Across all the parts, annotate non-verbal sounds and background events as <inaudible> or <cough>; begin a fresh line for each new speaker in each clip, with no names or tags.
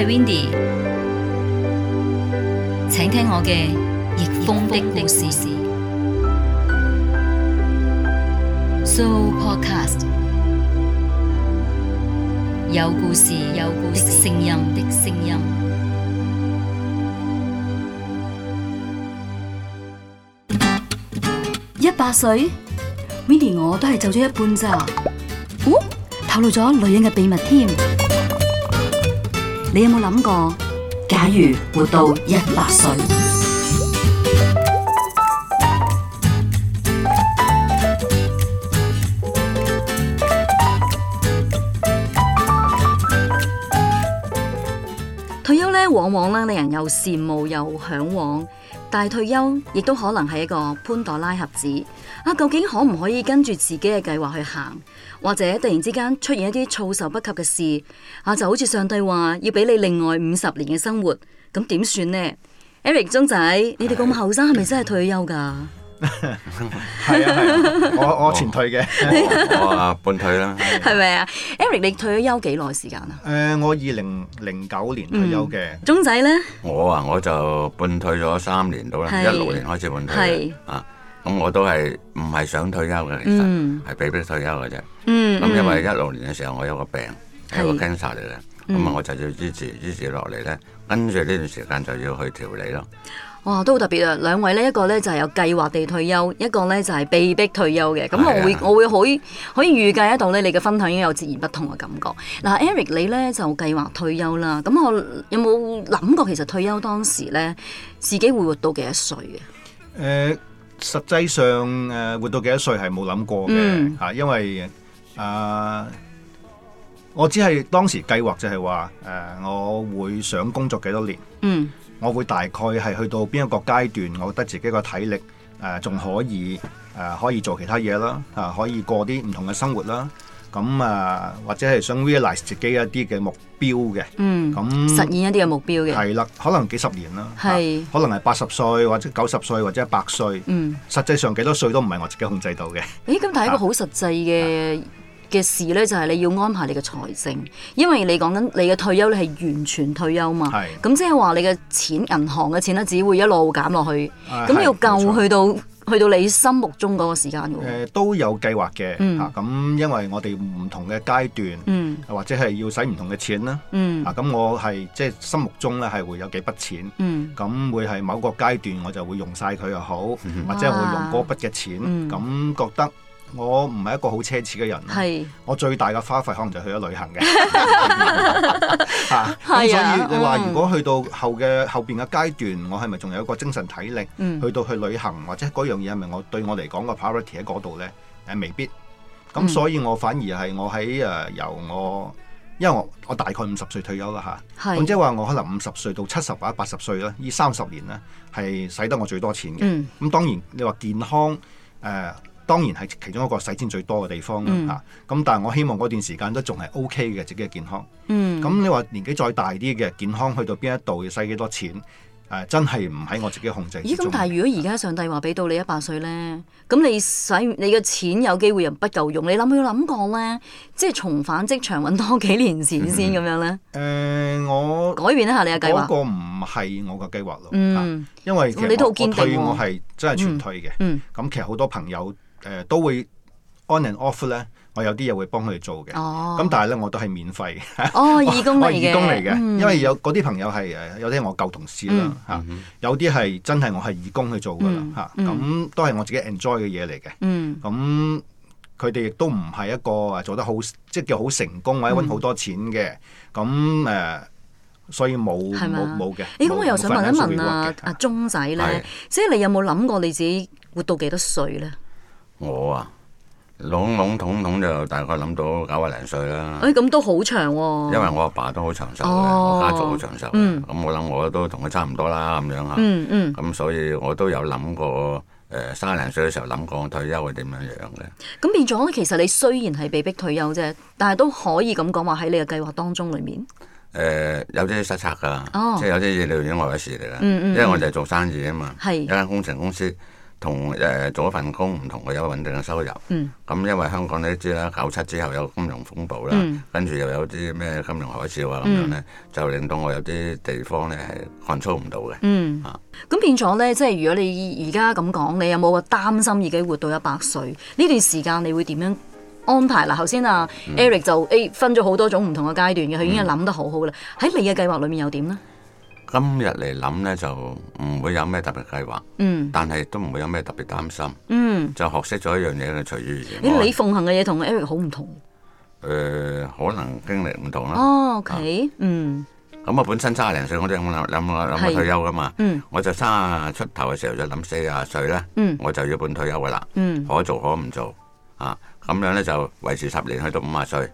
係 Windy，請聽我嘅逆風的故事。So podcast 有故事，有故事，有聲音的聲音。一百歲，Windy 我都係走咗一半咋？哦，透露咗女人嘅秘密添。你有冇諗過？假如活到一百歲，退休呢，往往呢，令人又羨慕又向往，但係退休亦都可能係一個潘多拉盒子。啊、究竟可唔可以跟住自己嘅計劃去行，或者突然之間出現一啲措手不及嘅事啊？就好似上帝話要俾你另外五十年嘅生活，咁點算呢？Eric 中仔，你哋咁後生係咪真係退休噶？係 <laughs> 啊，
啊，我我全退嘅， <laughs> <laughs> 我啊半退啦，
係咪啊？Eric 你退咗休幾耐時間啊？
誒、呃，
我二零零九年退休嘅，
中、嗯、仔呢？
我啊我就半退咗三年到啦，一六年，年開始半退啊。咁我都係唔係想退休嘅，其實係被迫退休嘅啫。
咁、嗯嗯、因為一
六年嘅時候，我有一個病係是個 cancer 嚟嘅，咁啊我就要醫治醫治落嚟咧，跟住呢段時間就要去調理咯。
哇，都好特別啊！兩位呢，一個咧就係、是、有計劃地退休，一個咧就係、是、被迫退休嘅。咁我會、啊、我會可可以預計得到咧，你嘅分享已經有截然不同嘅感覺。嗱、呃、，Eric 你咧就計劃退休啦。咁我有冇諗過，其實退休當時咧，自己會活到幾多歲嘅？誒、呃。
實際上誒、呃，活到幾多歲係冇諗過嘅吓、嗯啊，因為啊、呃，我只係當時計劃就係話誒，我會想工作幾多年？嗯，我會大概係去到邊一個階段，我覺得自己個體力誒仲、呃、可以誒、呃，可以做其他嘢啦，吓、啊、可以過啲唔同嘅生活啦。咁啊，或者係想 realize 自己一啲嘅目標嘅，
咁實現一啲嘅目標嘅，
係啦、嗯，可能幾十年啦，係是、啊，可能係八十歲或者九十歲或者一百歲，嗯，實際上幾多歲都唔係我自己控制到嘅。
咦、嗯，咁、欸、但係一個好實際嘅嘅、啊、事咧，就係、是、你要安排你嘅財政，因為你講緊你嘅退休你係完全退休嘛，係是，咁即係話你嘅錢銀行嘅錢咧，只會一路減落去，咁要、啊、又夠去到。去到你心目中嗰個時間、呃、
都有計劃嘅嚇，咁、嗯啊、因為我哋唔同嘅階段，嗯、或者係要使唔同嘅錢啦。嗯、啊，咁我係即係心目中咧係會有幾筆錢，咁、嗯、會係某個階段我就會用晒佢又好，嗯、或者我會用嗰筆嘅錢，咁、啊嗯、覺得。我唔係一個好奢侈嘅人，是我最大嘅花費可能就去咗旅行嘅，咁所以你話如果去到後嘅後邊嘅階段，我係咪仲有一個精神體力、嗯、去到去旅行或者嗰樣嘢係咪我對我嚟講個 priority 喺嗰度咧？誒、啊、未必，咁、啊嗯、所以我反而係我喺誒、呃、由我，因為我我大概五十歲退休啦嚇，咁、啊、是即係話我可能五十歲到七十或者八十歲啦，呢三十年咧係使得我最多錢嘅，咁、嗯、當然你話健康誒。呃呃當然係其中一個使錢最多嘅地方啦嚇，咁、嗯啊、但係我希望嗰段時間都仲係 O K 嘅自己嘅健康。咁、嗯啊、你話年紀再大啲嘅健康去到邊一度要使幾多錢？誒、啊，真係唔喺我自己控制。咦？咁但係
如果而家上帝話俾到你一百歲咧，咁、啊、你使你嘅錢有機會又不夠用。你諗冇諗過咧，即係重返職場揾多幾年錢先咁樣咧？誒、嗯嗯呃，我改變一下你嘅計劃。嗰個唔
係我嘅計劃咯、
嗯啊，
因為其實我，你、啊、我退我係真係全退嘅、嗯。嗯，咁、嗯嗯、其實好多朋友。誒都會 on and off 咧，我有啲嘢會幫佢哋做嘅，咁但係咧我都係免費。哦，義工嚟嘅。義工嚟嘅，因為有嗰啲朋友係誒有啲我舊同事啦嚇，有啲係真係我係義工去做㗎啦嚇，咁都係我自己 enjoy 嘅嘢嚟嘅。咁佢哋亦都唔係一個誒做得好，即叫好成功或者揾好多錢嘅。咁誒，所以冇冇嘅。咦？咁我又想問一問啊，
阿鐘仔咧，即係你有冇諗過你自己活到幾多歲咧？
我啊，籠籠統統就大概諗到九廿零歲啦。誒、哎，
咁都好長喎、哦。因為
我阿爸，爸都好長壽嘅，哦、我家族好長壽。咁我諗我都同佢差唔多啦，咁樣啊。嗯嗯。咁所以我都有諗過，誒、呃，三廿零歲嘅時候諗過退休會點樣樣嘅。
咁變咗，其實你雖然係被逼退休啫，但係都可以咁講話喺你嘅計劃當中裏面。
誒、呃，有啲失策噶，哦、即係有啲嘢你係外嘅事嚟噶。嗯嗯嗯、因為我哋係做生意啊嘛，係是一間工程公司。同誒、呃、做一份工唔同，我有穩定嘅收入。嗯，咁因為香港你都知啦，九七之後有金融風暴啦，嗯、跟住又有啲咩金融海嘯啊咁、嗯、樣咧，就令到我有啲地方咧係控制唔到嘅。嗯，
咁、啊、變咗咧，即係如果你而家咁講，你有冇話擔心自己活到一百歲？呢段時間你會點樣安排？嗱、啊，頭先啊 Eric 就 A 分咗好多種唔同嘅階段嘅，佢已經諗得好好啦。喺、嗯、你嘅計劃裡面又點咧？
今日嚟諗咧就唔會有咩特別計劃，嗯，但係都唔會有咩特別擔心，嗯，就學識咗一樣嘢嘅隨遇而安。咦，你
奉行嘅嘢同 Eric 好唔同？
誒、呃，可能經歷唔同啦。哦
，OK、啊、嗯。
咁我本身卅零歲，我都諗諗諗諗退休噶嘛。嗯。我就卅出頭嘅時候就諗四啊歲咧。我，嗯、我就要半退休噶啦。嗯。可做可唔做？啊，咁樣咧就維持、啊啊、持十年去到五啊歲。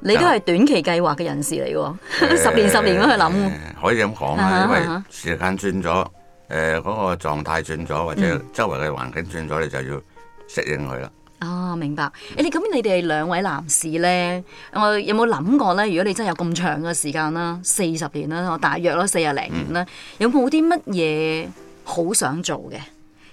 你都係短期計劃嘅人士嚟㗎，呃、 <laughs> 十年十年咁去諗、呃，
可以咁講啊哈，因為時間轉咗，誒、呃，嗰、嗰個狀態轉咗，或者周圍嘅環境轉咗，嗯、你就要適應佢啦。
哦，明白。誒，嗯、你咁你哋兩位男士咧，我有冇諗過咧？如果你真係有咁長嘅時間啦，四十年啦，我大約咯四廿零年啦，有冇啲乜嘢好想做嘅？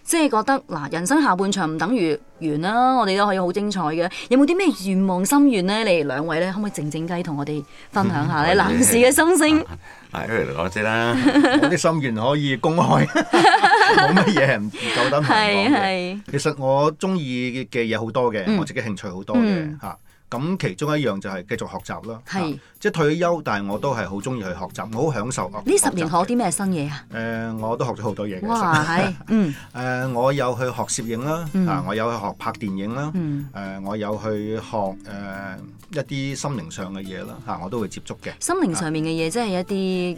即係覺得，嗱，人生下半場唔等於完啦，我哋都可以好精彩嘅。有冇啲咩願望心願咧？你哋兩位咧，可唔可以靜靜雞同我哋分享下咧？男士嘅心聲，
阿 Evelyn 講先啦，我啲心願
可以公開，冇乜嘢唔夠膽同人講嘅。其實我中意嘅嘢好多嘅，嗯、我自己興趣好多嘅吓。咁其中一樣就係繼續學習啦，係即係退休，但係我都係好中意去學習，我好享受。呢十年學
啲咩新嘢啊？誒，
我都學咗好多嘢嘅，嗯，誒，我有去學攝影啦，啊，我有去學拍電影啦，誒，我有去學誒一啲心靈上嘅嘢啦，嚇，我都會接觸嘅。心靈上
面嘅嘢，即係一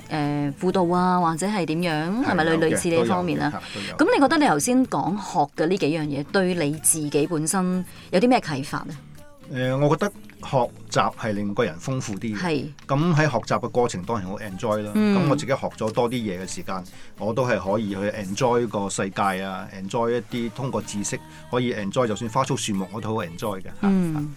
啲誒輔導啊，或者係點樣，係咪類類似呢方面啊？咁你覺得你頭先講學嘅呢幾樣嘢，對你自己本身有啲咩啟發啊？
誒、呃，我覺得學習係令個人豐富啲嘅。咁喺是學習嘅過程當然好 enjoy 啦。咁、嗯、我自己學咗多啲嘢嘅時間，我都係可以去 enjoy 個世界啊，enjoy 一啲通過知識可以 enjoy，就算花草樹木我都好 enjoy 嘅。
嗯，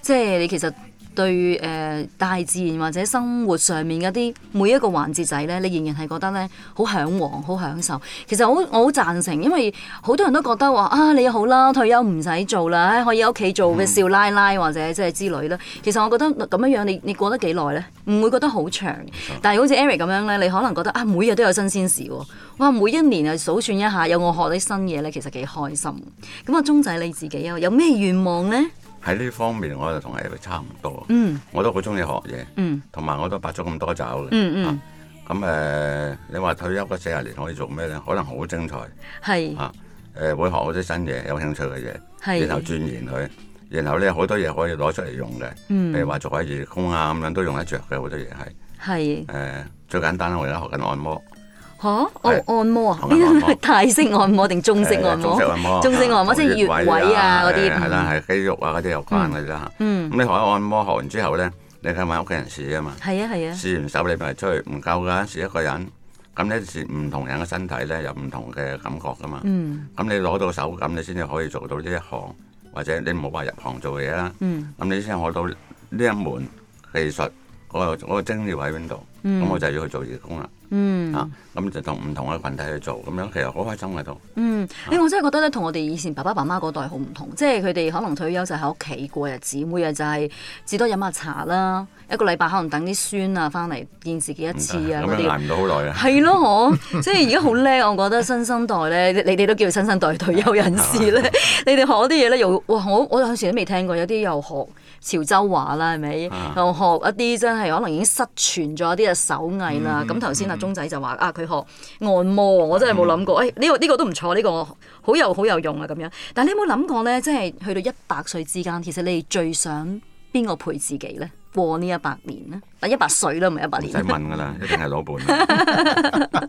即係你其實。對誒、呃、大自然或者生活上面嗰啲每一個環節仔咧，你仍然係覺得咧好嚮往、好享，享受。其實好我好贊成，因為好多人都覺得話啊，你好啦，退休唔使做啦，可以喺屋企做嘅少奶奶或者即係之類啦。其實我覺得咁樣樣你你過呢得幾耐咧，唔會覺得好長。但係好似 Eric 咁樣咧，你可能覺得啊，每日都有新鮮事喎、哦。哇，每一年啊數算一下有我學啲新嘢咧，其實幾開心。咁啊，中仔你自己啊，有咩願望咧？
喺呢方面我就同你差唔多、嗯，我都好中意學嘢，同埋、嗯、我都白咗咁多肘嘅，咁誒、嗯嗯啊呃、你話退休個四十年可以做咩咧？可能好精彩，嚇誒是、啊呃、會學好啲新嘢，有興趣嘅嘢，
是然後鑽
研佢，然後咧好多嘢可以攞出嚟用嘅，譬、嗯、如話做下義工啊咁樣都用得着嘅好多嘢係，誒是、啊、最簡單啦，我而家學緊按摩。
哦，按摩啊，呢啲係泰式按摩定中式按摩？中式按摩，中式
按摩即係穴位啊嗰啲。係啦，係肌肉啊嗰啲有關嘅啫嚇。咁你學咗按摩學完之後咧，你去買屋企人試啊嘛。係啊係啊。試完手你咪出去，唔夠噶，試一個人。咁你試唔同人嘅身體咧，有唔同嘅感覺噶嘛。咁你攞到手感，你先至可以做到呢一行，或者你唔好話入行做嘢啦。咁你先攞到呢一門技術。我我精力喺邊度，咁我就要去做義工啦。嗯，啊，咁就同唔同嘅群體去做，咁樣其實好開心喺度。嗯，
你、啊、我真係覺得咧，同我哋以前爸爸媽媽嗰代好唔同，即係佢哋可能退休就喺屋企過日子，每日就係、是、至多飲下茶啦，一個禮拜可能等啲孫啊翻嚟見自己一次啊嗰啲。咁捱唔們到好耐啊！係咯，我即係而家好叻，我覺得新生代咧，你哋都叫新生代退休人士咧， <laughs> <laughs> <laughs> 你哋學啲嘢咧又哇，我我，我，我，我，我，我有時都未聽過，有啲又學。潮州話啦，係咪？又學一啲真係可能已經失傳咗一啲嘅手藝啦。咁頭先阿鐘仔就話，啊，佢學按摩，我真係冇諗過。誒，呢個呢個都唔錯，呢個好有好有用啊咁樣。但係你有冇諗過咧？即係去到一百歲之間，其實你哋最想邊個陪自己咧？過呢一百年咧？一百歲唔係一百年？唔使
問噶啦，一定係老伴。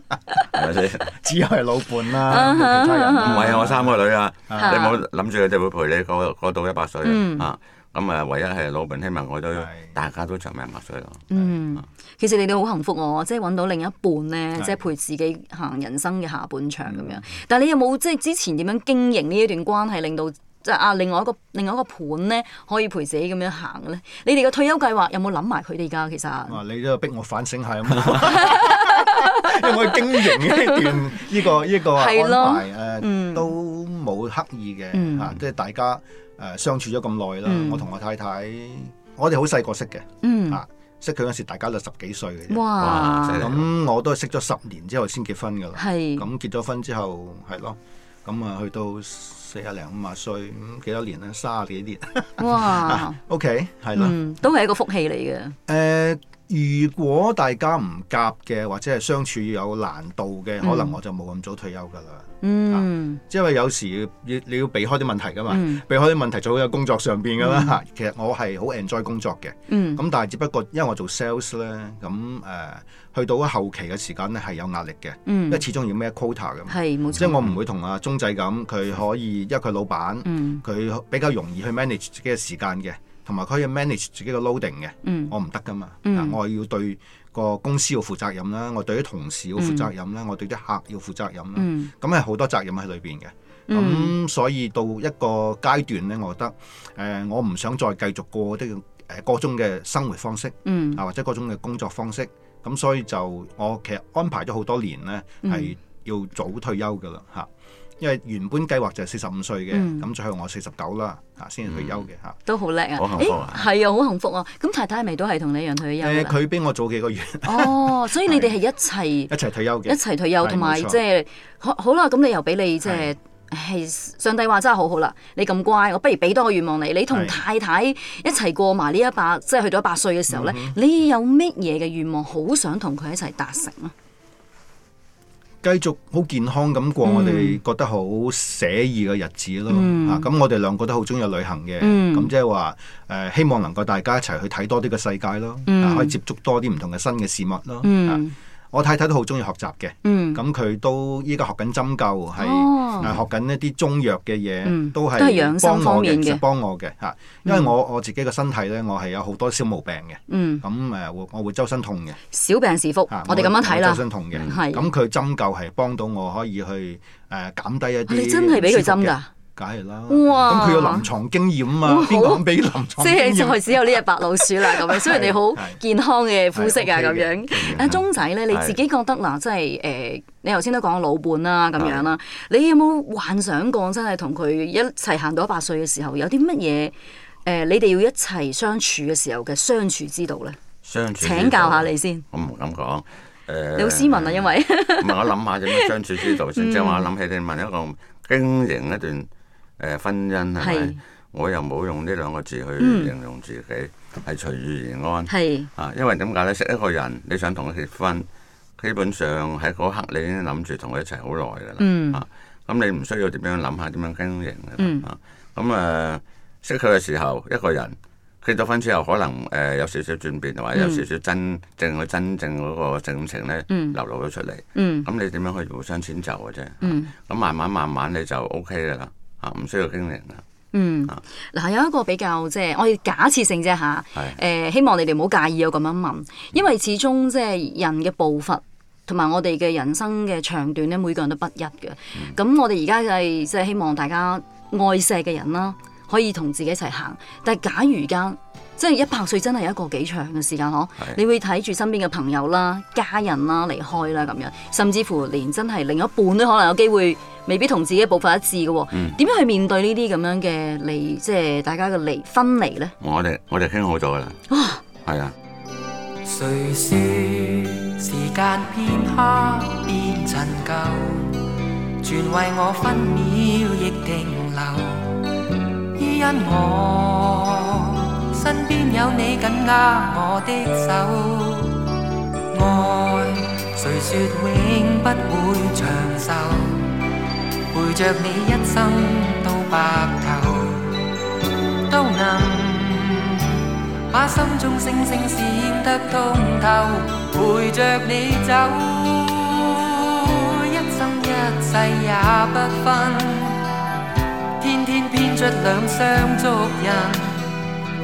係
咪先？只係老伴啦，
唔係啊！我
三個女啊，你冇諗住佢哋會陪你過到一百歲啊？咁啊，唯一係攞本，希望我都大家都長命百歲咯。嗯，
其實你哋好幸福喎，即係揾到另一半咧，是即係陪自己行人生嘅下半場咁樣。但係你有冇即係之前點樣經營呢一段關係，令到即係啊，另外一個另外一個伴咧可以陪自己咁樣行咧？你哋嘅退休計劃有冇諗埋佢哋而家？其實啊，
你都逼我反省下啊嘛， <laughs> <laughs> <laughs> 有冇經營呢段呢、呢個呢、呢個安排？誒咯，啊嗯、都冇刻意嘅、嗯啊、即係大家。誒、呃、相處咗咁耐啦，嗯、我同我太太，我哋好細個識嘅，嚇、嗯，啊、識佢嗰時大家都十幾歲嘅，咁我都識咗十年之後先結婚噶啦，咁是結咗婚之後係咯，咁、嗯、啊去到四十零五啊歲咁、嗯、幾多年咧，卅幾年，
<laughs> 哇、
啊、，OK 係咯，嗯、
都係一個福氣嚟嘅。誒、
呃。如果大家唔夾嘅，或者係相處要有難度嘅，嗯、可能我就冇咁早退休噶啦。嗯，因為、啊即係、有時你你要避開啲問題噶嘛，嗯、避開啲問題做好喺工作上邊噶啦。嗯、其實我係好 enjoy 工作嘅，咁、嗯、但係只不過因為我做 sales 咧，咁誒、呃、去到後期嘅時間咧係有壓力嘅，嗯、因為始終要孭 quota 噶嘛。即係我唔會同阿、啊、鐘仔咁，佢可以因為佢老闆，佢、嗯、比較容易去 manage 自己嘅時間嘅。同埋可以 manage 自己嘅 loading 嘅，嗯、我唔得噶嘛，嗯、我要對個公司要負責任啦，我對啲同事要負責任啦，嗯、我對啲客要負責任啦，咁係好多責任喺裏邊嘅。咁、嗯、所以到一個階段咧，我覺得誒、呃，我唔想再繼續過啲誒嗰種嘅生活方式，嗯、啊或者嗰種嘅工作方式，咁所以就我其實安排咗好多年咧，係、嗯、要早退休噶啦嚇。因為原本計劃就係四十五歲嘅，咁最後我四十九啦，啊，先退休嘅吓。
都好叻啊，好幸福啊，係啊，好幸福啊。咁太太係咪都係同你一樣退休？
佢比我早幾個月。哦,
所以你哋係一齊一
齊退休嘅，一齊退休，同埋即係
好好啦。咁你又俾你即係上帝話真係好好啦。你咁乖，我不如俾多個願望你。你同太太一齊過埋呢一百，即係去到一百歲嘅時候咧，你有乜嘢嘅願望好想同佢一齊達成咧？
繼續好健康咁過，我哋覺得好寫意嘅日子咯。嚇、嗯，咁、啊、我哋兩個都好鍾意旅行嘅，咁即係話誒，希望能夠大家一齊去睇多啲嘅世界咯、嗯啊，可以接觸多啲唔同嘅新嘅事物咯。嗯啊我太太都好中意學習嘅，咁佢都依家學緊針灸，係學緊一啲中藥嘅嘢，都係幫我嘅，幫我嘅嚇。因為我我自己個身體咧，我係有好多小毛病嘅，
咁
誒，我會周身痛嘅。
小病是福，我哋咁樣睇啦。周身
痛嘅，係咁佢針灸係幫到我可以去誒減低一啲。你真係俾佢針㗎？梗係啦，咁佢有臨床經驗啊嘛，邊敢俾臨床經驗？即係就係只有
呢隻白老鼠啦，咁樣。雖然你好健康嘅膚色啊，咁樣。阿鐘仔咧，你自己覺得嗱，即係誒，你頭先都講老伴啦，咁樣啦。你有冇幻想過真係同佢一齊行到一百歲嘅時候，有啲乜嘢？誒，你哋要一齊相處嘅時候嘅相處之道咧？
相處？請教下你先。我唔敢講，誒。你好斯
文啊，因為唔係
我諗下點樣相處之道先，即係話諗起你問一個經營一段。誒婚姻係咪？是我又冇用呢兩個字去形容自己，係、嗯、隨遇而安。係啊是，因為點解咧？識一個人，你想同佢結婚，基本上喺嗰刻你已經諗住同佢一齊好耐㗎啦。啊，咁你唔需要點樣諗下點樣經營嘅。咁啊，識佢嘅時候一個人，結咗婚之後可能誒、呃、有少少轉變，或者有少少真正嘅真正嗰個性情咧、嗯、流露咗出嚟。嗯。咁、啊、你點樣可以互相遷就嘅啫？嗯、啊。咁、啊、慢慢慢慢你就 OK 噶啦。唔、啊、需要經營啊。
嗯。嗱、啊，有一個比較即係，我係假設性啫嚇。係。誒，希望你哋唔好介意我咁樣問，的因為始終即係人嘅步伐同埋我哋嘅人生嘅長短咧，每個人都不一嘅。咁的我哋而家就係即係希望大家愛錫嘅人啦、啊，可以同自己一齊行。但係假如間。即係一百歲真係一個幾長嘅時間嗬，係啊你會睇住身邊嘅朋友啦、家人啦離開啦咁樣，甚至乎連真係另一半都可能有機會未必同自己步伐一致嘅，哦，點、嗯、樣去面對呢啲咁樣嘅離，即係大家嘅離分離呢？
嗯、我哋我哋傾好咗啦，係啊。
誰說時間偏變陳舊，全為我我。分秒亦停留。依因我有你緊握我的手，愛誰説永不會長壽？陪着你一生到白頭，
都能把心中星星閃得通透。陪着你走，一生一世也不分，天天編出兩雙足印。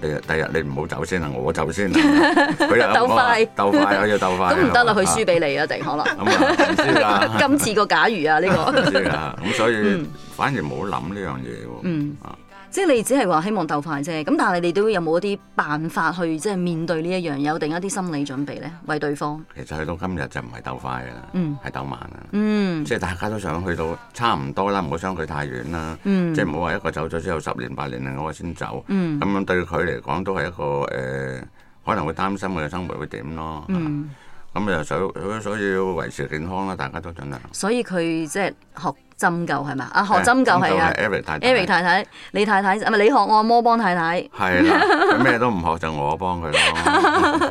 第日，第日你唔好走先啊！我先走先，佢又 <laughs> 鬥快，鬥快，鬥快，我要鬥快，咁唔得啦，佢輸俾
你一定可能。咁啊，唔今次個假如啊，呢、呢個唔 <laughs> 知 <laughs> 啊。咁所以、mm.
反而冇諗呢樣嘢
喎。嗯、mm. 即係你只係話希望鬥快啫，咁但係你哋都有冇一啲辦法去即係面對呢一樣，有定一啲心理準備咧？為對方？
其實去到今日就唔係鬥快嘅啦，係、嗯、鬥慢啦。
嗯，即
係大家都想去到差唔多啦，唔好相距太遠啦。嗯，即係唔好話一個走咗之後十年八年，另外一個先走。嗯，咁樣對佢嚟講都係一個誒、呃，可能會擔心佢嘅生活會點咯。嗯。咁又想，所以要維持健康啦。大家都盡量。
所以佢即係學針灸係嘛？啊，學針灸係啊。Eric 太太，Eric 太太，李太太，唔係、啊、你學，我阿摩幫太太。係啦，咩
都唔學就我幫佢咯。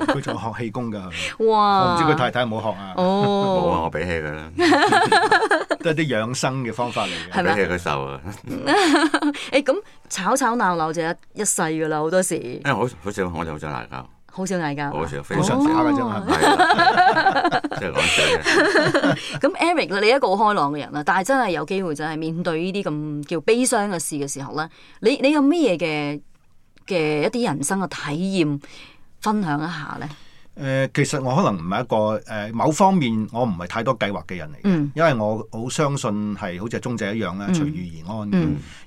佢仲學氣
功㗎。哇！唔知佢太太有冇學啊？
<laughs> 哦，冇
啊！我俾氣佢啦。都係啲養生嘅方法嚟嘅，俾氣佢受啊。
誒咁吵吵鬧鬧就一一世㗎啦，好多時。
誒好好少，我就好想嗌交。
好少嗌交，好少，吧非常渣嘅啫，係啦，哦，即係講笑咁 <laughs> <laughs> Eric 你一個好開朗嘅人啦，但係真係有機會就係面對呢啲咁叫悲傷嘅事嘅時候咧，你你有咩嘢嘅嘅一啲人生嘅體驗分享一下咧？
誒其實我可能唔係一個誒某方面我唔係太多計劃嘅人嚟，因為我好相信係好似係莊子一樣咧，隨遇而安。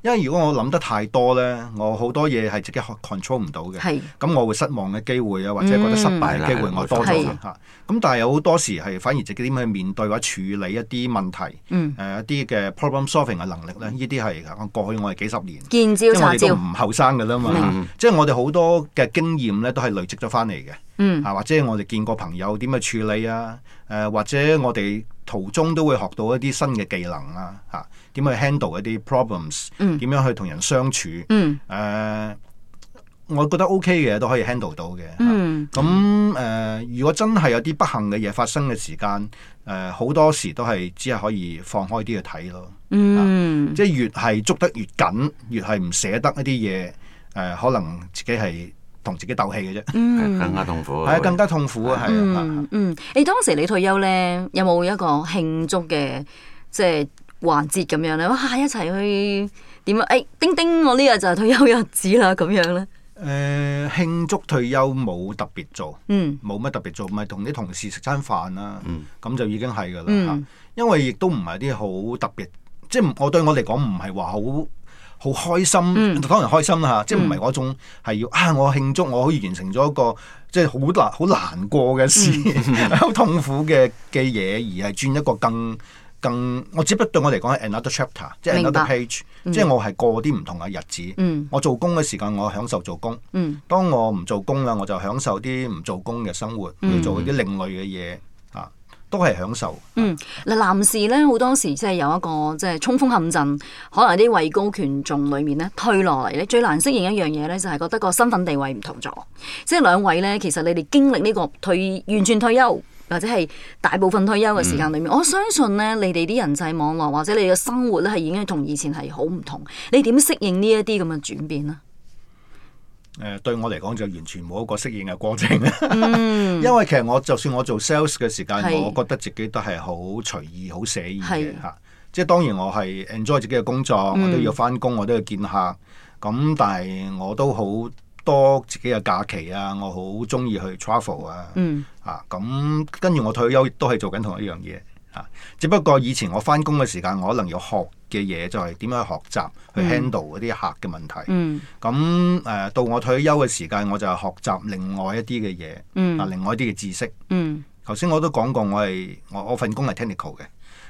因為如果我諗得太多咧，我好多嘢係自己 control 唔到嘅。係，咁我會失望嘅機會啊，或者覺得失敗嘅機會我多咗嚇。咁但係有好多時係反而直接點去面對或者處理一啲問題，誒一啲嘅 problem solving 嘅能力咧，呢啲係我過去我哋幾十年
見招拆招，唔
後生㗎啦嘛。即係我哋好多嘅經驗咧，都係累積咗返嚟嘅，或者。即係我哋見過朋友點去處理啊？誒、呃、或者我哋途中都會學到一啲新嘅技能啊，嚇、啊。點去 handle 一啲 problems？點樣去同、嗯、人相處？誒、嗯呃，我覺得 OK 嘅都可以 handle 到嘅。咁、啊、誒、嗯呃，如果真係有啲不幸嘅嘢發生嘅時間，誒、呃、好多時都係只係可以放開啲去睇咯。啊、嗯。即係越係捉得越緊，越係唔捨得一啲嘢，誒、呃、可能自己係。同自己鬥氣嘅啫、嗯，嗯，更加痛苦，係
啊喂，更加痛苦啊，係啊，嗯嗯，你當時你退休咧，有冇一個慶祝嘅即係環節咁樣咧？哇，一齊去點啊？誒，丁、哎、丁，叮叮我呢日就係退休日子啦，咁樣咧。
誒、呃，慶祝退休冇特別做，嗯，冇乜特別做，咪同啲同事食餐飯啦、啊，咁、嗯、就已經係噶啦，因為亦都唔係啲好特別，即、就、係、是、我對我嚟講唔係話好。好開心，當然開心啦、嗯、即係唔係我一種係要啊，我慶祝我可以完成咗一個即係好難好難過嘅事，好、嗯、 <laughs> 痛苦嘅嘅嘢，而係轉一個更更我只不過對我嚟講係 another chapter，即係 another page，白即係我係過啲唔同嘅日子。嗯、我做工嘅時間我享受做工。嗯，當我唔做工啦，我就享受啲唔做工嘅生活，去、嗯、做啲另類嘅嘢。都係享受。
嗯，嗱，男士咧好多時，即係有一個即係衝鋒陷陣，可能啲位高權重裏面咧退落嚟咧，最難適應一樣嘢咧就係覺得個身份地位唔同咗。即係兩位咧，其實你哋經歷呢個退完全退休或者係大部分退休嘅時間裏面，嗯，我相信咧你哋啲人際網絡或者你嘅生活咧係已經同以前係好唔同。你點適應呢一啲咁嘅轉變呢？
誒對我嚟講就完全冇一個適應嘅過程，嗯、 <laughs> 因為其實我就算我做 sales 嘅時間，是我覺得自己都係好隨意、好寫意嘅嚇是、啊。即係當然我係 enjoy 自己嘅工作，我都要返工，我都要見客。咁、嗯、但係我都好多自己嘅假期啊，我好鍾意去 travel 啊嚇。咁、嗯啊啊、跟住我退休都係做緊同一樣嘢啊，只不過以前我返工嘅時間我可能要學嘅嘢就係點樣去學習去 handle 嗰啲客嘅問題。咁誒、mm. 嗯、到我退休嘅時間，我就係學習另外一啲嘅嘢，mm. 啊另外一啲嘅知識。頭先、mm. 我都講過我，我係我我份工係 technical 嘅。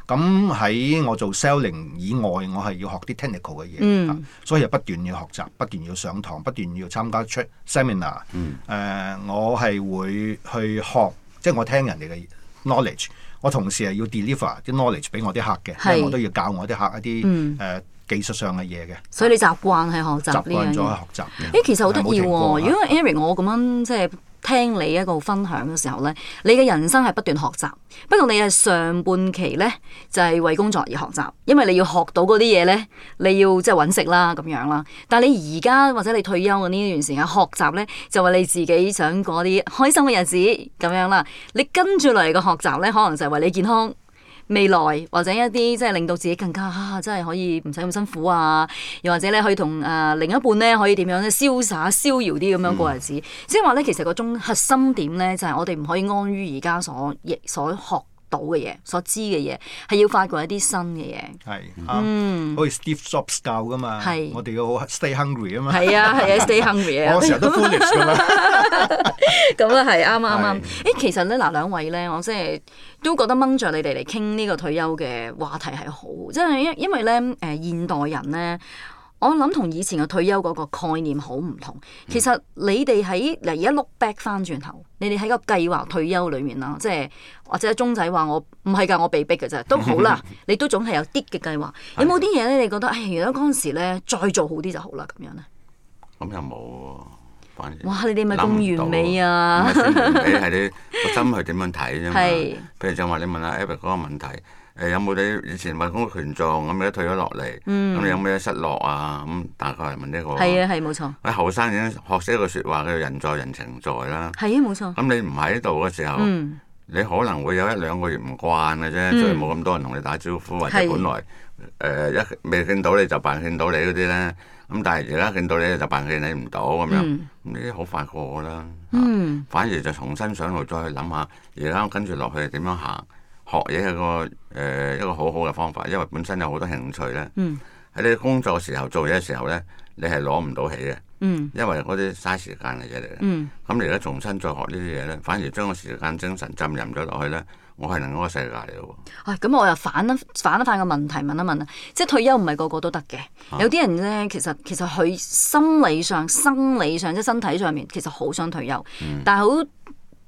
咁喺我做 selling 以外，我係要學啲 technical 嘅嘢、mm. 啊。所以就不斷要學習，不斷要上堂，不斷要參加出 seminar。誒 se、mm. 啊，我係會去學，即、就、係、是、我聽人哋嘅 knowledge。我同事係要 deliver 啲 knowledge 俾我啲客嘅，是因為我都要教我啲客一啲誒、嗯呃、技術上嘅嘢嘅。
所以你習慣係學,學習，習慣咗去學習。誒、欸，其實好得意喎！啊、如果 Eric 我咁樣即係。啊啊聽你一個分享嘅時候呢，你嘅人生係不斷學習。不過你係上半期呢，就係為工作而學習，因為你要學到嗰啲嘢呢，你要即係揾食啦咁樣啦。但係你而家或者你退休嘅呢段時間學習呢，就係你自己想過啲開心嘅日子咁樣啦。你跟住落嚟嘅學習呢，可能就係為你健康。未來或者一啲即係令到自己更加、啊、真係可以唔使咁辛苦啊，又或者咧可以同誒、呃、另一半咧可以點樣咧瀟灑逍遙啲咁樣過日子，嗯、即係話咧其實個中核心點咧就係、是、我哋唔可以安於而家所亦所學到嘅嘢，所知嘅嘢，係要發掘一啲新嘅嘢。
係啊，好似、嗯、Steve Jobs 教噶嘛，是我哋要 stay hungry 啊嘛。係啊，係啊，stay hungry 啊！ <laughs> 我成日都 foolish 噶啦。
咁 <laughs> 啊， <laughs> <laughs> 係啱啱啱。誒是、欸，其實咧嗱，兩位咧，我即、就、係、是、都覺得掹着你哋嚟傾呢個退休嘅話題係好，即係因因為咧，誒、呃，現代人咧。我諗同以前嘅退休嗰個概念好唔同。其實你哋喺，嗱而家 look back 翻轉頭，你哋喺個計劃退休裏面啦，即係或者鐘仔話我唔係噶，我被逼嘅啫，都好啦， <laughs> 你都總係有啲嘅計劃。是的 有冇啲嘢咧？你覺得，唉、哎，如果嗰陣時咧再做好啲就好啦，咁樣咧？
咁又冇喎，
反而，哇！你哋咪咁完美啊？
係 <laughs> 你，個心去點樣睇啫嘛？譬的如就話你問，問下 e r 嗰個問題。誒、欸、有冇你以前咪功勳狀咁你都退咗落嚟？咁、嗯、你有咩失落啊？咁大概係問呢個。係啊，係冇錯。後生已經學識一個説話，叫做人在人情在啦。
係啊，冇錯。咁
你唔喺度嘅時候，嗯、你可能會有一兩個月唔慣嘅啫，所以冇咁多人同你打招呼、嗯、或者本來誒一未見到你就扮見到你嗰啲咧。咁但係而家見到你就扮見你唔到咁樣，呢啲好快過啦。嗯、反而就重新上路再去諗下，而家跟住落去點樣行？學嘢係一個誒、呃、一個好好嘅方法，因為本身有好多興趣咧。喺、嗯、你工作嘅時候做嘢嘅時候咧，你係攞唔到起嘅，嗯、因為嗰啲嘥時間嘅嘢嚟嘅。咁你而家重新再學呢啲嘢咧，反而將個時間精神浸淫咗落去咧，我係另一個世界嚟咯。
咁、哎、我又反一反一反個問題問一問啊，即係退休唔係個個都得嘅，有啲人咧其實其實佢心理上、生理上即係身體上面，其實好想退休，嗯、但係好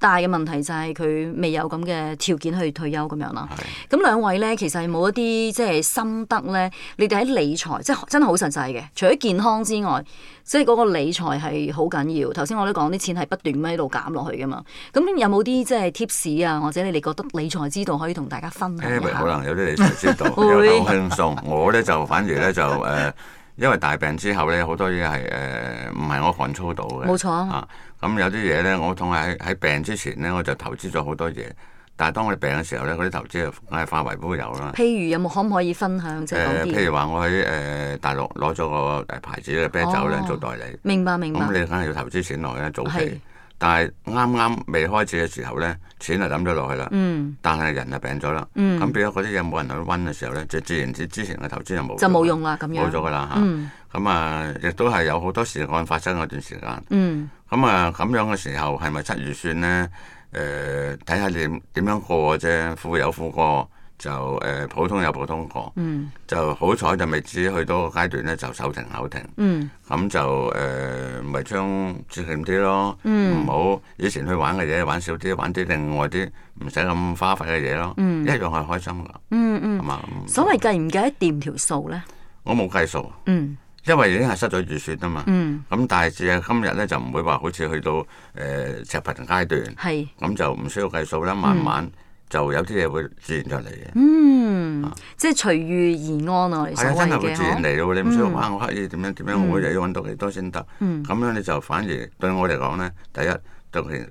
大嘅問題就係佢未有咁嘅條件去退休咁樣啦。咁是兩位咧，其實係冇一啲即係心得咧。你哋喺理財，即係真係好實際嘅。除咗健康之外，即係嗰個理財係好緊要。頭先我都講啲錢係不斷喺度減落去噶嘛。咁有冇啲即係 tips 啊，或者你哋覺得理財之道可以同大家分享、欸？
可能有啲理財之道， <laughs> 有啲好輕鬆。 <laughs> 我咧就反而咧就誒、呃，因為大病之後咧，好多嘢係誒，唔、呃、係我行粗到嘅。冇錯啊。 <laughs> 咁、嗯、有啲嘢咧，我同喺喺病之前咧，我就投資咗好多嘢。但係當我哋病嘅時候咧，嗰啲投資又梗係化為烏有啦。譬
如有冇可唔可以分享即係？譬、呃、如話
我喺誒、呃、大陸攞咗個牌子嘅啤酒咧、哦、做代理，
明白、哦、明白。咁、
嗯、你梗係要投資錢落去咧，早期。但係啱啱未開始嘅時候咧，錢就抌咗落去啦。嗯。但係人就病咗啦。嗯。咁變咗嗰啲嘢冇人去温嘅時候咧，就自然之之前嘅投資就冇。就
冇用啦，咁樣。冇咗㗎啦嚇。咁啊、嗯嗯
嗯，亦都係有好多事案發生嗰段時間。嗯。咁啊、嗯，咁、嗯、樣嘅時候係咪七預算咧？誒、呃，睇下你點樣過啫，富有富過。就誒普通有普通過，就好彩就未至於去到個階段咧，就手停口停。咁、嗯、就誒，咪將節省啲咯，唔好以前去玩嘅嘢玩少啲，玩啲另外啲唔使咁花費嘅嘢咯。嗯、一樣係開心噶，係嘛？
所謂計唔計掂條數咧？
我冇計數，因為已經係失咗預算啊嘛。咁但係至今日咧就唔會話好似去到誒赤貧階段，咁是 就唔需要計數啦，慢慢。嗯。就有啲嘢會自然就嚟嘅，嗯，啊、
即係隨遇而安啊。咯、啊。係真係會自然嚟咯，嗯、你唔需要玩，我
刻意點樣點樣我，我會要揾到幾多先得。咁樣你就反而對我嚟講咧，第一。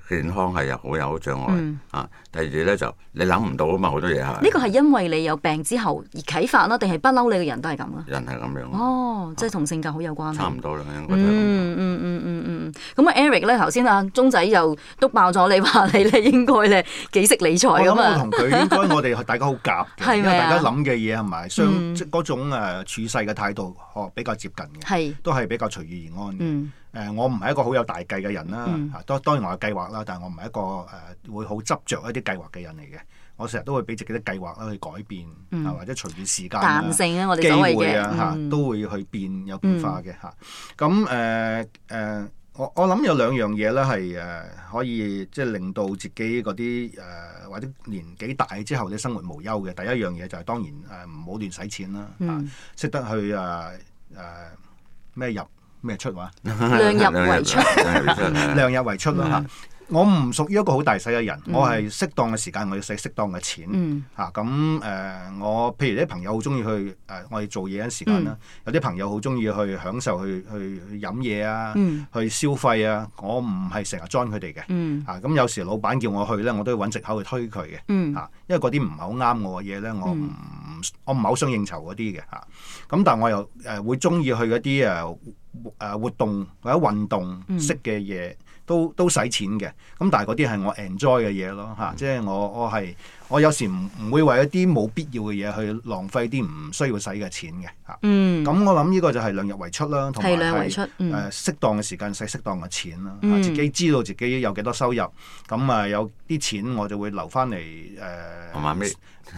健康係又好有障礙啊！第二咧就你諗唔到啊嘛，好多嘢係。呢個
係因為你有病之後而啟發啦，定係不嬲你嘅人都係咁啦。人係咁樣。哦，即係同性格好有關。差唔多啦，應該。嗯嗯嗯嗯嗯嗯。咁啊，Eric 咧，頭先啊，鐘仔又都爆咗你話你咧應該咧幾識理財啊嘛。咁我同佢，應該我
哋大家好夾嘅，因為大家諗嘅嘢係咪相即嗰種誒處世嘅態度，比較接近嘅，係都係比較隨遇而安嘅。誒、呃、我唔係一個好有大計嘅人啦，嚇、啊，當當然我有計劃啦，但係我唔係一個誒、呃、會好執着一啲計劃嘅人嚟嘅。我成日都會俾自己啲計劃去改變，嗯、或者隨住時間彈性啊，我哋所謂嘅、機會啊、嗯、都會去變有變化嘅嚇。咁誒誒，我我諗有兩樣嘢咧係誒可以即係令到自己嗰啲誒或者年紀大之後嘅生活無憂嘅。第一樣嘢就係、是、當然誒唔好亂使錢啦，嚇、啊、識、啊、得去誒誒咩入。咩出話？ <laughs>
量入為出， <laughs> 量入
為出啦嚇！嗯、我唔屬於一個好大使嘅人，我係適當嘅時間、嗯、我要使適當嘅錢嚇。咁誒、嗯啊呃，我譬如啲朋友好中意去誒、呃，我哋做嘢嗰陣時間啦，嗯、有啲朋友好中意去享受去去飲嘢啊，嗯、去消費啊，我唔係成日 join 佢哋嘅嚇。咁、嗯啊、有時老闆叫我去咧，我都要揾藉口去推佢嘅嚇，因為嗰啲唔係好啱我嘅嘢咧，我唔。嗯我唔係好想應酬嗰啲嘅嚇，咁但係我又誒會中意去嗰啲誒誒活動或者運動式嘅嘢、嗯，都都使錢嘅，咁但係嗰啲係我 enjoy 嘅嘢咯嚇，嗯、即係我我係。我有時唔唔會為一啲冇必要嘅嘢去浪費啲唔需要使嘅錢嘅嚇。咁、嗯、我諗呢個就係量入為出啦，同埋係誒適當嘅時間使適當嘅錢啦、嗯啊。自己知道自己有幾多收入，咁、嗯、啊有啲錢我就會留翻嚟誒。
同埋咩？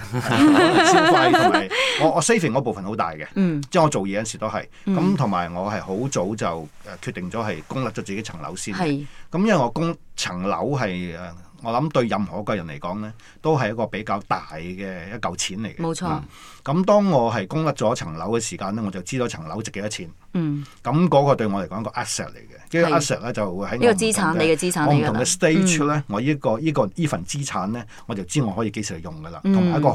可能、 <laughs> 嗯、消費同埋
我我 saving 部分好大嘅。即、就、係、是、我做嘢嗰時都係。嗯。咁同埋我係好早就誒決定咗係供立咗自己層樓先。係是。咁因為我供層樓係誒。呃呃我諗對任何個人嚟講咧，都係一個比較大嘅一嚿錢嚟嘅。冇錯錯。咁、嗯、當我係供得咗層樓嘅時間咧，我就知道層樓值幾多錢。嗯。咁嗰個對我嚟講一個 asset 嚟嘅。是即係 asset 咧就會喺呢個資產，你嘅資產，我唔同嘅 stage 咧，我呢個呢個呢份資產咧，我就知我可以幾時去用噶啦，同埋、嗯、一個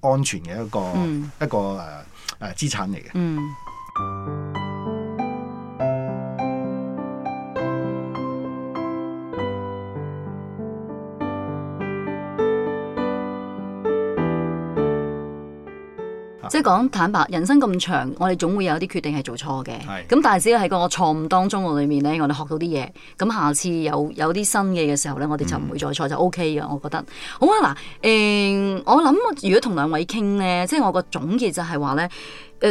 好安全嘅一個、嗯、一個誒誒資產嚟嘅。
嗯。
即係講坦白，人生咁長，我哋總會有啲決定係做錯嘅。咁是但係只要喺個錯誤當中裏面咧，我哋學到啲嘢，咁下次有有啲新嘅嘅時候咧，我哋就唔會再錯，嗯、就 OK 嘅。我覺得好啊。嗱，誒、呃，我諗如果同兩位傾咧，即係我個總結就係話咧。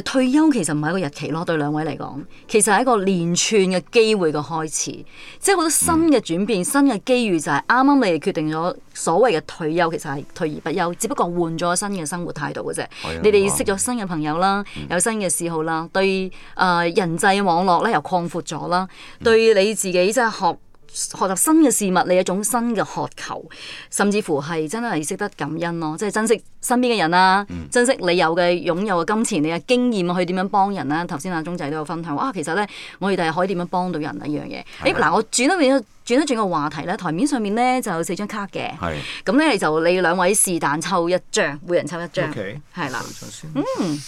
退休其實唔係一個日期咯，對兩位嚟講，其實係一個連串嘅機會嘅開始，即係好多新嘅轉變、嗯、新嘅機遇就係啱啱你哋決定咗所謂嘅退休，其實係退而不休，只不過換咗新嘅生活態度嘅啫。哎、呀你哋識咗新嘅朋友啦，嗯、有新嘅嗜好啦，對誒、呃、人際網絡咧又擴闊咗啦，嗯、對你自己即係學。學習新嘅事物，你一種新嘅渴求，甚至乎係真係識得感恩咯，即係珍惜身邊嘅人啦、啊，嗯、珍惜你有嘅擁有嘅金錢，你嘅經驗去點樣幫人啦、啊。頭先阿鐘仔都有分享，哇、啊，其實咧，我哋係可以點樣幫到人、啊、一樣嘢。誒的，嗱、欸，我轉一轉，轉一轉個話題咧，台面上面咧就有四張卡嘅，咁咧的就你兩位是但抽一張，每人抽一張，係啦，嗯。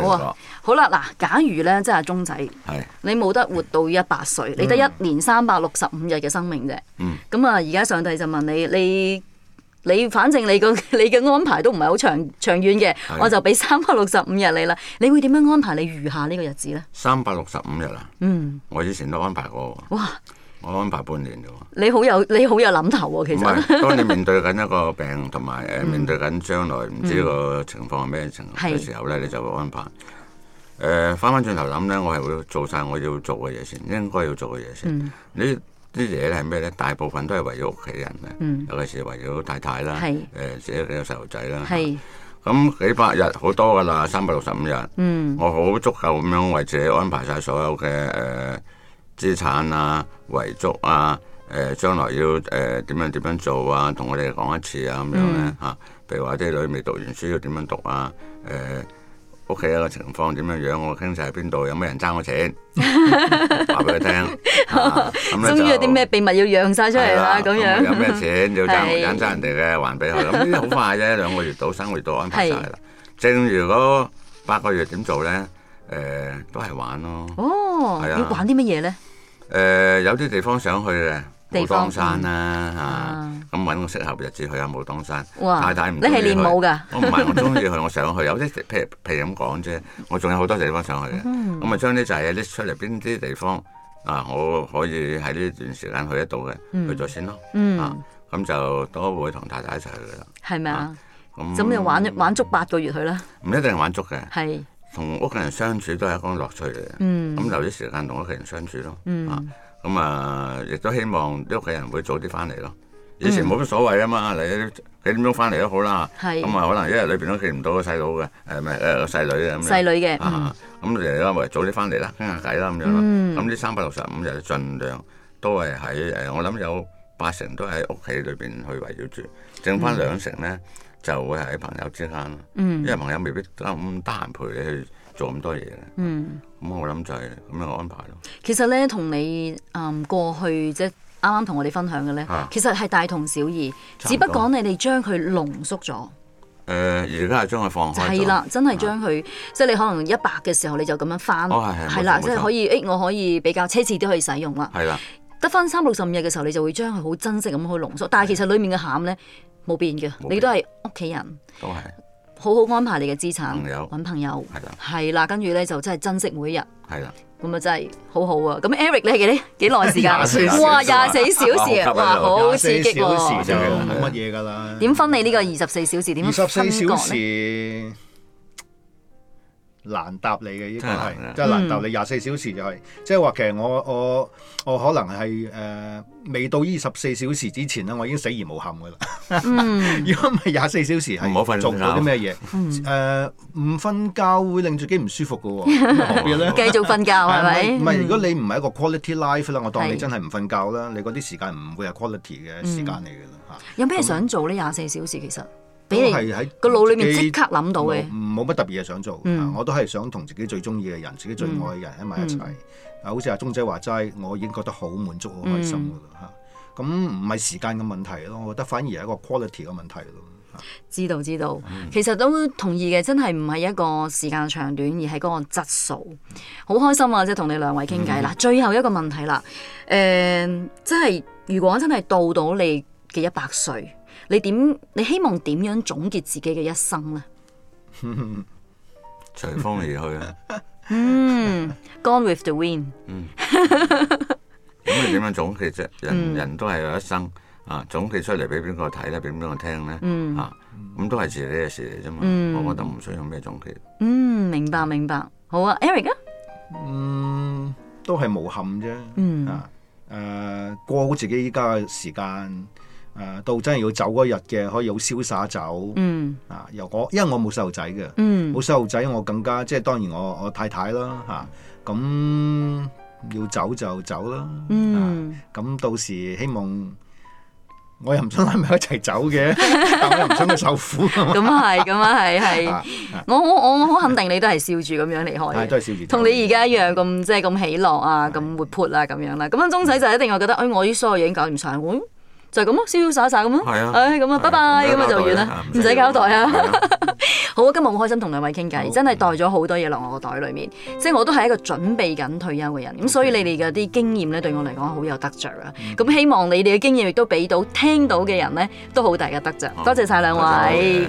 好啊！好啦，嗱，假如咧，即係阿鐘仔，是你冇得活到一百歲，你得一年三百六十五日嘅生命啫。嗯，咁啊，而家上帝就問你，你你反正你個你嘅安排都唔係好長長遠嘅，的我就俾三百六十五日你啦。你會點樣安排你餘下呢個日子咧？
三百六十五日啊！嗯，我以前都安排過。哇！我安排半年嘅喎，
你好有你好有諗頭喎，其實。唔係，當你
面對緊一個病，同埋誒面對緊將來唔知個情況係咩情況嘅時候咧，你就會安排。誒，翻翻轉頭諗咧，我係會做晒我要做嘅嘢先，應該要做嘅嘢先。呢啲嘢咧係咩咧？大部分都係圍繞屋企人嘅。嗯。尤其是圍繞太太啦。係。誒，自己嘅細路仔啦。係。咁幾百日好多㗎啦，三百六十五日。我好足夠咁樣為自己安排晒所有嘅誒、資產啊、遺囑啊、誒將來要誒、呃、點樣點樣做啊，同我哋講一次啊咁樣咧嚇。譬如話啲女未讀完書要點樣讀啊？誒屋企一個情況點樣樣，我傾晒喺邊度，有咩人爭我錢，
話俾
佢聽。
咁咧就終於有啲咩秘密要讓晒出嚟、啊、對啦，咁那樣。有咩
錢要爭，爭人哋嘅還俾佢。咁好快啫，兩個月到三個月到安排晒啦。正如嗰八個月點做咧？誒，都係玩咯。哦，
係啊，要玩啲乜嘢咧？
誒，有啲地方想去嘅，
武當山啦
吓，咁搵個適合日子去下武當山。
太太唔，你係練武噶？我唔係，我中
意去，我想去。有啲譬如譬如咁講啫，我仲有好多地方想去嘅。咁啊，將啲債啊拎出嚟，邊啲地方啊，我可以喺呢段時間去得到嘅，去咗先咯。啊，咁就都會同太太一齊去啦。係咪啊？咁，咁你玩
玩足八個月去啦？
唔一定玩足嘅。係。同屋企人相處都係一種樂趣嚟嘅，咁留啲時間同屋企人相處咯。嗯、啊，咁啊，亦都希望啲屋企人會早啲翻嚟咯。以前冇乜所謂啊嘛，你幾點鐘翻嚟都好啦。咁啊、嗯，可能一日裏邊都見唔到個細佬嘅，誒咪誒個細女嘅。細女嘅。
啊，
咁嚟啦，咪早啲翻嚟啦，傾下偈啦，咁樣。嗯。咁呢三百六十五日盡量都係喺誒，我諗有八成都喺屋企裏邊去圍繞住，剩翻兩成咧。嗯就會係喺朋友之間咯，因為朋友未必得咁得閒陪你去做咁多嘢嘅。嗯，咁我諗就係咁樣安排咯。
其實咧，同你誒過去即係啱啱同我哋分享嘅咧，其實係大同小異，只不過你哋將佢濃縮咗。
誒，而家係將佢放開係啦，
真係將佢即係你可能一百嘅時候你就咁樣翻，係啦，即係可以誒，我可以比較奢侈啲，可以使用啦，係啦。得翻三六十五日嘅時候，你就會將佢好珍惜咁去濃縮。但係其實裡面嘅餡咧冇變嘅，變你都係屋企人，都係是好好安排你嘅資產，朋友揾朋友，係啦的，係啦。跟住咧就真係珍惜每一日，係啦的。咁啊真係好好啊。咁 Eric 你幾多幾耐時間？哇廿四小時，哇好刺激
喎！就乜嘢㗎啦？點
分你呢個二十四小時？點分二十四小時？
難答你嘅應該係，即係難答你廿四小時就係，即係話其實我我我可能係誒未到二十四小時之前啦，我已經死而無憾㗎啦。如果唔係廿四小時係做過啲咩嘢？誒唔瞓覺會令自己唔舒服㗎喎。繼續瞓覺係咪？唔係如果你唔係一個 quality life 啦，我當你真係唔瞓覺啦，你嗰啲時間唔會係 quality 嘅時間嚟
㗎啦。有咩想做呢？廿四小時其實。你係喺個腦裏面即刻諗到嘅，
冇乜特別嘢想做，嗯啊、我都係想同自己最中意嘅人、自己最愛嘅人喺埋一齊。啊、嗯，好似阿鐘姐話齋，我已經覺得好滿足、好開心噶啦嚇。咁唔係時間嘅問題咯，我覺得反而係一個 quality 嘅問題咯、啊。
知道知道，嗯、其實都同意嘅，真係唔係一個時間長短，而係嗰個質素。好開心啊！即係同你兩位傾偈啦。嗯、最後一個問題啦，誒、呃，即係如果真係到到你嘅一百歲，你點？你希望點樣總結自己嘅一生咧？
隨 <laughs> 風而去啊！嗯
<laughs> mm，Gone with the wind
<laughs> 嗯。嗯，咁你點樣總結啫？人、嗯、人都係有一生啊，總結出嚟俾邊個睇咧？俾邊個聽咧？嗯，吓咁、啊、都係自己嘅事嚟啫嘛。嗯、我覺得唔需要咩總結。
嗯，明白明白，好啊，Eric 啊，嗯，
都係無憾啫。嗯
啊，
誒，過好自己依家嘅時間。誒到真係要走嗰日嘅，可以好瀟灑走。嗯，啊，由我，因為我冇細路仔嘅，冇細路仔，我更加即係當然我我太太啦嚇。咁要走就走啦。嗯，咁到時希望我又唔想拉埋一齊走嘅，但我又唔想佢受苦。咁啊係，咁
啊係係。我我我好肯定你都係笑住咁樣離開。同你而家一樣咁即係咁喜樂啊，咁活潑啊咁樣啦。咁阿中仔就一定會覺得誒，我啲所有嘢已經搞掂晒。」就咁咯，瀟瀟灑灑咁咯，唉咁啊，拜拜咁啊就完啦，唔使交代啊。好啊，今日好開心同兩位傾偈，真係袋咗好多嘢落我個袋裏面，即係我都係一個準備緊退休嘅人，咁所以你哋嘅啲經驗咧對我嚟講好有得著啊。咁希望你哋嘅經驗亦都俾到聽到嘅人咧都好大嘅得著。多謝晒兩位。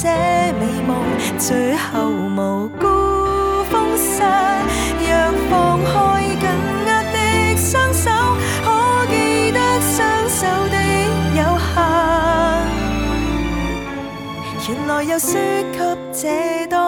這美夢最後無故封殺。若放開緊握的雙手，可記得雙手的有限。原來又輸給這多。